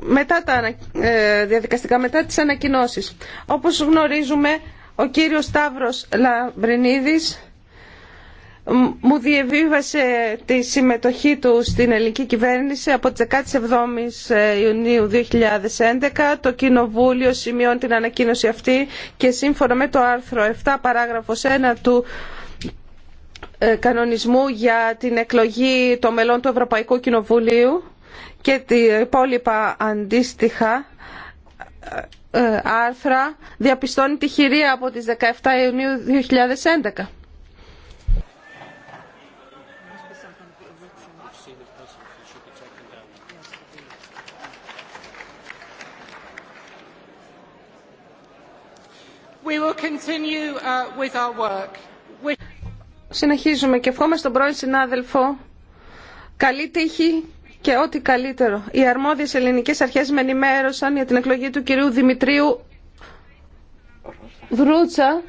Μετά τα ε, διαδικαστικά, μετά τις ανακοινώσεις. Όπως γνωρίζουμε, ο κύριος Σταύρος Λαμπρινίδης μου διεβίβασε τη συμμετοχή του στην ελληνική κυβέρνηση από τις 17 ε, Ιουνίου 2011. Το Κοινοβούλιο σημειώνει την ανακοίνωση αυτή και σύμφωνα με το άρθρο 7 παράγραφος 1 του ε, κανονισμού για την εκλογή των μελών του Ευρωπαϊκού Κοινοβουλίου και τα υπόλοιπα αντίστοιχα ε, άρθρα διαπιστώνει τη χειρία από τις 17 Ιουνίου 2011. We will continue uh, with our work συνεχίζουμε και ευχόμαστε τον πρώην συνάδελφο καλή τύχη και ό,τι καλύτερο. Οι αρμόδιες ελληνικές αρχές με ενημέρωσαν για την εκλογή του κυρίου Δημητρίου Βρούτσα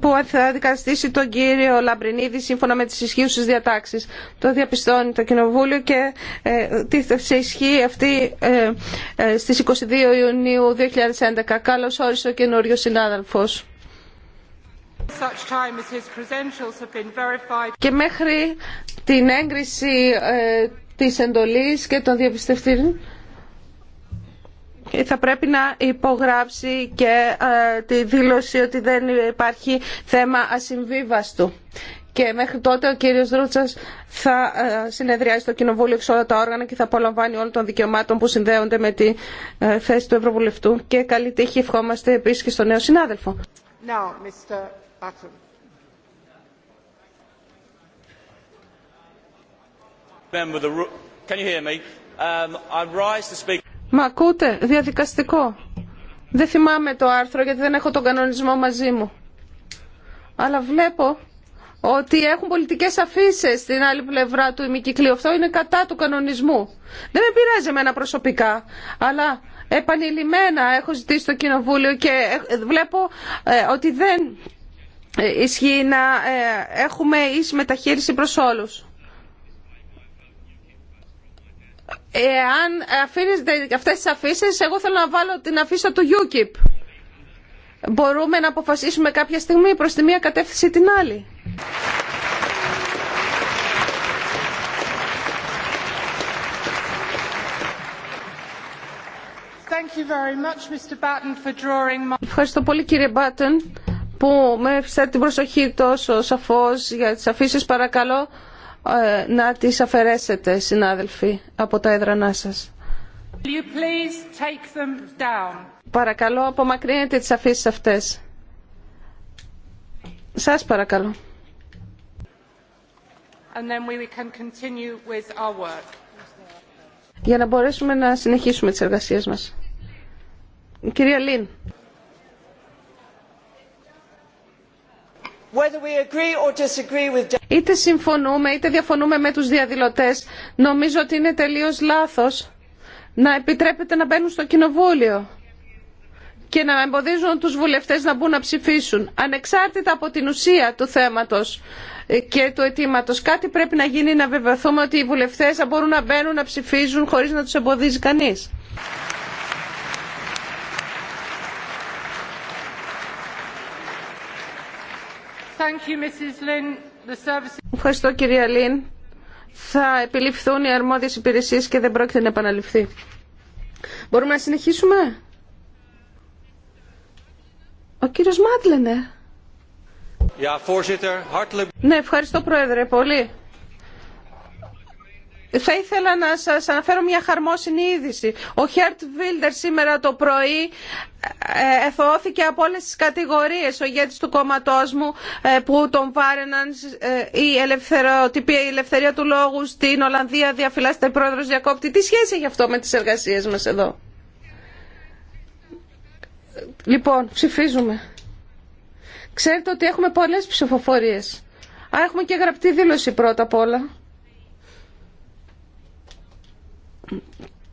που θα δικαστήσει τον κύριο Λαμπρινίδη σύμφωνα με τις ισχύουσες διατάξεις. Το διαπιστώνει το Κοινοβούλιο και ε, τίθεται σε ισχύ αυτή ε, ε στις 22 Ιουνίου 2011. Καλώς όρισε ο καινούριο συνάδελφος. Και μέχρι την έγκριση ε, της εντολής και των διαπιστευτήρων ε, θα πρέπει να υπογράψει και ε, τη δήλωση ότι δεν υπάρχει θέμα ασυμβίβαστου. Και μέχρι τότε ο κύριος Ρούτσας θα ε, συνεδριάζει στο Κοινοβούλιο εξ όλα τα όργανα και θα απολαμβάνει όλων των δικαιωμάτων που συνδέονται με τη θέση του Ευρωβουλευτού. Και καλή τύχη ευχόμαστε επίσης και στο νέο συνάδελφο. Μα ακούτε, διαδικαστικό. Δεν θυμάμαι το άρθρο γιατί δεν έχω τον κανονισμό μαζί μου. Αλλά βλέπω ότι έχουν πολιτικές αφήσει στην άλλη πλευρά του ημικυκλίου. Αυτό είναι κατά του κανονισμού. Δεν με πειράζει εμένα προσωπικά, αλλά επανειλημμένα έχω ζητήσει στο Κοινοβούλιο και βλέπω ε, ότι δεν ε, ισχύει να ε, έχουμε ίση μεταχείριση προς όλους. Εάν αφήνετε αυτές τις αφήσει, εγώ θέλω να βάλω την αφήσα του UKIP. Μπορούμε να αποφασίσουμε κάποια στιγμή προς τη μία κατεύθυνση την άλλη. Ευχαριστώ πολύ κύριε Μπάτεν που με έφυσα την προσοχή τόσο σαφώς για τις αφήσει παρακαλώ ε, να τις αφαιρέσετε συνάδελφοι από τα έδρανά σας. Παρακαλώ απομακρύνετε τις αφήσει αυτές. Σας παρακαλώ. And then we can continue with our work. Για να μπορέσουμε να συνεχίσουμε τις εργασίες μας. Κυρία Λίν. Είτε συμφωνούμε είτε διαφωνούμε με τους διαδηλωτές, νομίζω ότι είναι τελείως λάθος να επιτρέπεται να μπαίνουν στο κοινοβούλιο και να εμποδίζουν τους βουλευτές να μπουν να ψηφίσουν. Ανεξάρτητα από την ουσία του θέματος και του αιτήματο. κάτι πρέπει να γίνει να βεβαιωθούμε ότι οι βουλευτές θα μπορούν να μπαίνουν να ψηφίζουν χωρίς να τους εμποδίζει κανείς. Ευχαριστώ κυρία Λίν. Θα επιληφθούν οι αρμόδιες υπηρεσίες και δεν πρόκειται να επαναληφθεί. Μπορούμε να συνεχίσουμε. Ο κύριος Μάτλενε. ναι, ευχαριστώ πρόεδρε πολύ. Θα ήθελα να σας αναφέρω μια χαρμόσυνη είδηση. Ο Χέρτ Βίλντερ σήμερα το πρωί ε, εθωώθηκε από όλες τις κατηγορίες ο ηγέτης του κόμματός μου ε, που τον βάρεναν ε, η ελευθερία του λόγου στην Ολλανδία διαφυλάσσεται πρόεδρος Διακόπτη. Τι σχέση έχει αυτό με τις εργασίες μας εδώ. Λοιπόν, ψηφίζουμε. Ξέρετε ότι έχουμε πολλές ψηφοφορίες. έχουμε και γραπτή δήλωση πρώτα απ' όλα. Υπότιτλοι AUTHORWAVE